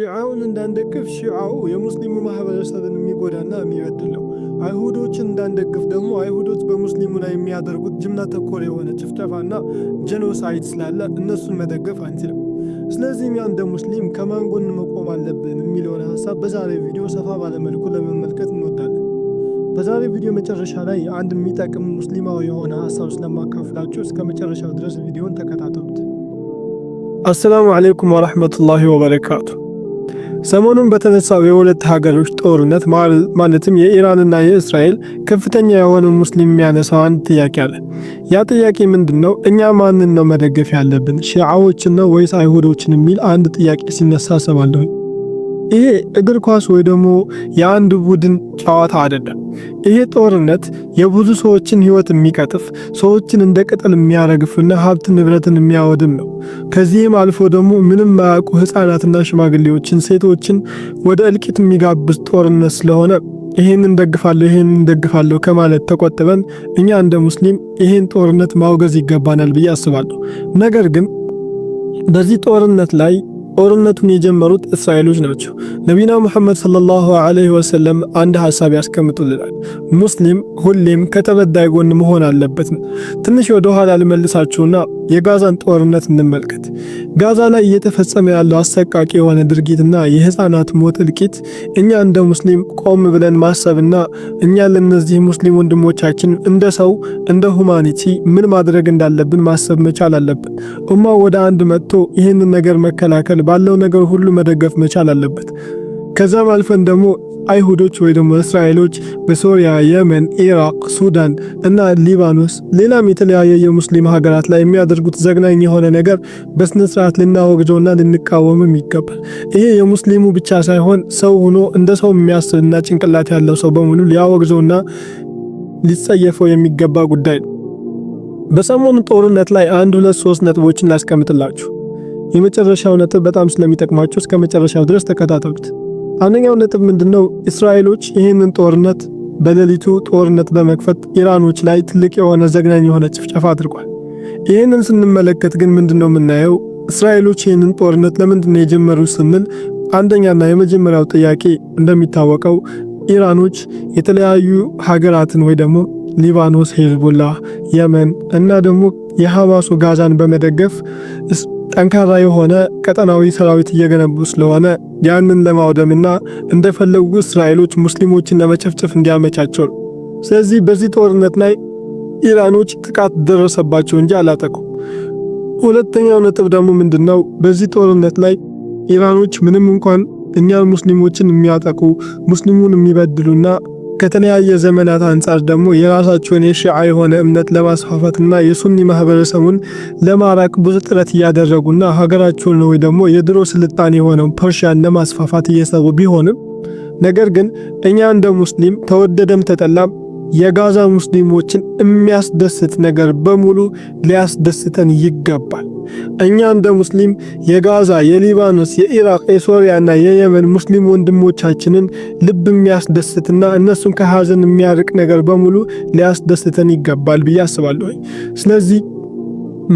ሺዓውን እንዳንደግፍ ሺዓው የሙስሊሙ ማህበረሰብን የሚጎዳና የሚበድል ነው። አይሁዶችን እንዳንደግፍ ደግሞ አይሁዶች በሙስሊሙ ላይ የሚያደርጉት ጅምላ ተኮር የሆነ ጭፍጨፋና ጀኖሳይድ ስላለ እነሱን መደገፍ አንችልም። ስለዚህም ያ እንደ ሙስሊም ከማንጎን መቆም አለብን የሚለውን ሀሳብ በዛሬ ቪዲዮ ሰፋ ባለመልኩ ለመመልከት እንወዳለን። በዛሬ ቪዲዮ መጨረሻ ላይ አንድ የሚጠቅም ሙስሊማዊ የሆነ ሀሳብ ስለማካፍላችሁ እስከ መጨረሻው ድረስ ቪዲዮን ተከታተሉት። አሰላሙ አለይኩም ወረሕመቱላሂ ወበረካቱ ሰሞኑን በተነሳው የሁለት ሀገሮች ጦርነት ማለትም የኢራንና የእስራኤል ከፍተኛ የሆነ ሙስሊም የሚያነሳው አንድ ጥያቄ አለ። ያ ጥያቄ ምንድን ነው? እኛ ማንን ነው መደገፍ ያለብን? ሺዓዎችን ነው ወይስ አይሁዶችን? የሚል አንድ ጥያቄ ሲነሳ ሰማለሁኝ። ይሄ እግር ኳስ ወይ ደግሞ የአንድ ቡድን ጨዋታ አይደለም። ይሄ ጦርነት የብዙ ሰዎችን ህይወት የሚቀጥፍ ሰዎችን እንደ ቅጠል የሚያረግፍና ሀብት ንብረትን የሚያወድም ነው። ከዚህም አልፎ ደግሞ ምንም ማያውቁ ህፃናትና ሽማግሌዎችን፣ ሴቶችን ወደ እልቂት የሚጋብዝ ጦርነት ስለሆነ ይህን እንደግፋለሁ ይህን እንደግፋለሁ ከማለት ተቆጥበን እኛ እንደ ሙስሊም ይህን ጦርነት ማውገዝ ይገባናል ብዬ አስባለሁ። ነገር ግን በዚህ ጦርነት ላይ ጦርነቱን የጀመሩት እስራኤሎች ናቸው። ነቢና ሙሐመድ ሰለላሁ ዐለይሂ ወሰለም አንድ ሐሳብ ያስቀምጡልናል። ሙስሊም ሁሌም ከተበዳይ ጎን መሆን አለበት። ትንሽ ወደ ኋላ ልመልሳችሁና የጋዛን ጦርነት እንመልከት። ጋዛ ላይ እየተፈጸመ ያለው አሰቃቂ የሆነ ድርጊትና የህፃናት ሞት እልቂት እኛ እንደ ሙስሊም ቆም ብለን ማሰብና እኛ ለነዚህ ሙስሊም ወንድሞቻችን እንደ ሰው እንደ ሁማኒቲ ምን ማድረግ እንዳለብን ማሰብ መቻል አለብን። እማ ወደ አንድ መጥቶ ይህንን ነገር መከላከል ባለው ነገር ሁሉ መደገፍ መቻል አለበት። ከዛም አልፈን ደግሞ አይሁዶች ወይ ደግሞ እስራኤሎች በሶሪያ፣ የመን፣ ኢራቅ፣ ሱዳን እና ሊባኖስ ሌላም የተለያየ የሙስሊም ሀገራት ላይ የሚያደርጉት ዘግናኝ የሆነ ነገር በስነ ስርዓት ልናወግዘውና ልንቃወምም ይገባል። ይሄ የሙስሊሙ ብቻ ሳይሆን ሰው ሆኖ እንደ ሰው የሚያስብና ጭንቅላት ያለው ሰው በሙሉ ሊያወግዘውና ሊጸየፈው የሚገባ ጉዳይ ነው። በሰሞኑ ጦርነት ላይ አንድ ሁለት ሶስት ነጥቦችን ላስቀምጥላችሁ። የመጨረሻው ነጥብ በጣም ስለሚጠቅማችሁ እስከ መጨረሻው ድረስ ተከታተሉት። አንደኛው ነጥብ ምንድነው? እስራኤሎች ይህንን ጦርነት በሌሊቱ ጦርነት በመክፈት ኢራኖች ላይ ትልቅ የሆነ ዘግናኝ የሆነ ጭፍጨፋ አድርጓል። ይህንን ስንመለከት ግን ምንድነው የምናየው? እስራኤሎች ይህንን ጦርነት ለምንድነው የጀመሩ ስንል አንደኛና የመጀመሪያው ጥያቄ እንደሚታወቀው ኢራኖች የተለያዩ ሀገራትን ወይ ደግሞ ሊባኖስ፣ ሄዝቦላ፣ የመን እና ደግሞ የሐማሱ ጋዛን በመደገፍ ጠንካራ የሆነ ቀጠናዊ ሰራዊት እየገነቡ ስለሆነ ያንን ለማውደምና እንደፈለጉ እስራኤሎች ሙስሊሞችን ለመጨፍጨፍ እንዲያመቻቸው። ስለዚህ በዚህ ጦርነት ላይ ኢራኖች ጥቃት ደረሰባቸው እንጂ አላጠቁም። ሁለተኛው ነጥብ ደግሞ ምንድነው? በዚህ ጦርነት ላይ ኢራኖች ምንም እንኳን እኛን ሙስሊሞችን የሚያጠቁ ሙስሊሙን የሚበድሉና ከተለያየ ዘመናት አንጻር ደግሞ የራሳቸውን የሺዓ የሆነ እምነት ለማስፋፋትና የሱኒ ማህበረሰቡን ለማራቅ ብዙ ጥረት እያደረጉና ሀገራቸውን ወይ ደግሞ የድሮ ስልጣኔ የሆነው ፐርሺያን ለማስፋፋት እየሰሩ ቢሆንም ነገር ግን እኛ እንደ ሙስሊም ተወደደም ተጠላም የጋዛ ሙስሊሞችን የሚያስደስት ነገር በሙሉ ሊያስደስተን ይገባል። እኛ እንደ ሙስሊም የጋዛ፣ የሊባኖስ፣ የኢራቅ፣ የሶሪያና የየመን ሙስሊም ወንድሞቻችንን ልብ የሚያስደስትና እነሱን ከሐዘን የሚያርቅ ነገር በሙሉ ሊያስደስተን ይገባል ብዬ አስባለሁ። ስለዚህ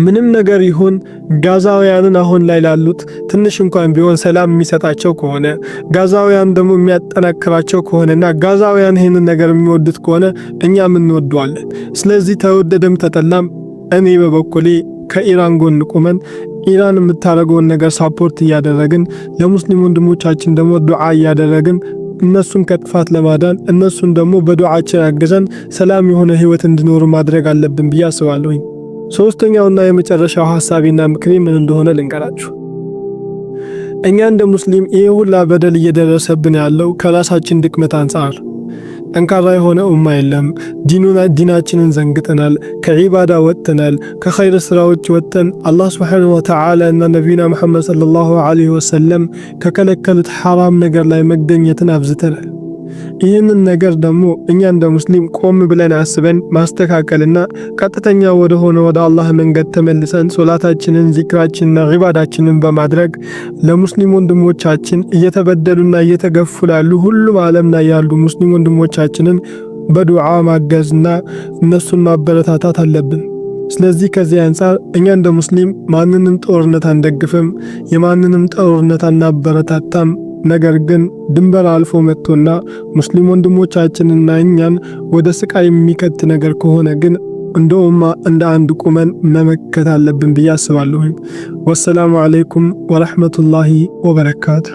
ምንም ነገር ይሁን ጋዛውያንን አሁን ላይ ላሉት ትንሽ እንኳን ቢሆን ሰላም የሚሰጣቸው ከሆነ ጋዛውያን ደግሞ የሚያጠናክራቸው ከሆነና ጋዛውያን ይህንን ነገር የሚወዱት ከሆነ እኛም እንወደዋለን። ስለዚህ ተወደደም ተጠላም እኔ በበኩሌ ከኢራን ጎን ቁመን ኢራን የምታደርገውን ነገር ሳፖርት እያደረግን ለሙስሊም ወንድሞቻችን ደግሞ ዱዓ እያደረግን እነሱን ከጥፋት ለማዳን እነሱን ደግሞ በዱዓችን አግዘን ሰላም የሆነ ህይወት እንዲኖሩ ማድረግ አለብን ብዬ አስባለሁኝ። ሶስተኛውና የመጨረሻው ሐሳቢና ምክሬ ምን እንደሆነ ልንገራችሁ። እኛ እንደ ሙስሊም ይህ ሁላ በደል እየደረሰብን ያለው ከራሳችን ድክመት አንጻር ጠንካራ የሆነ ኡማ የለም። ዲኑና ዲናችንን ዘንግተናል። ከዒባዳ ወጥተናል። ከኸይር ስራዎች ወጥተን አላህ ስብሓነሁ ወተዓላ እና ነቢዩና መሐመድ ሰለላሁ ዐለይሂ ወሰለም ከከለከሉት ሐራም ነገር ላይ መገኘትን አብዝተናል። ይህንን ነገር ደግሞ እኛ እንደ ሙስሊም ቆም ብለን አስበን ማስተካከልና ቀጥተኛ ወደ ሆነ ወደ አላህ መንገድ ተመልሰን ሶላታችንን፣ ዚክራችንና ዒባዳችንን በማድረግ ለሙስሊም ወንድሞቻችን እየተበደሉና እየተገፉ ላሉ ሁሉም ዓለም ላይ ያሉ ሙስሊም ወንድሞቻችንን በዱዓ ማገዝና እነሱን ማበረታታት አለብን። ስለዚህ ከዚህ አንጻር እኛ እንደ ሙስሊም ማንንም ጦርነት አንደግፍም፣ የማንንም ጦርነት አናበረታታም። ነገር ግን ድንበር አልፎ መጥቶና ሙስሊም ወንድሞቻችንና እኛን ወደ ስቃይ የሚከት ነገር ከሆነ ግን እንደውም እንደ አንድ ቁመን መመከት አለብን ብዬ አስባለሁኝ። ወሰላሙ አለይኩም ወረሕመቱላሂ ወበረካቱ።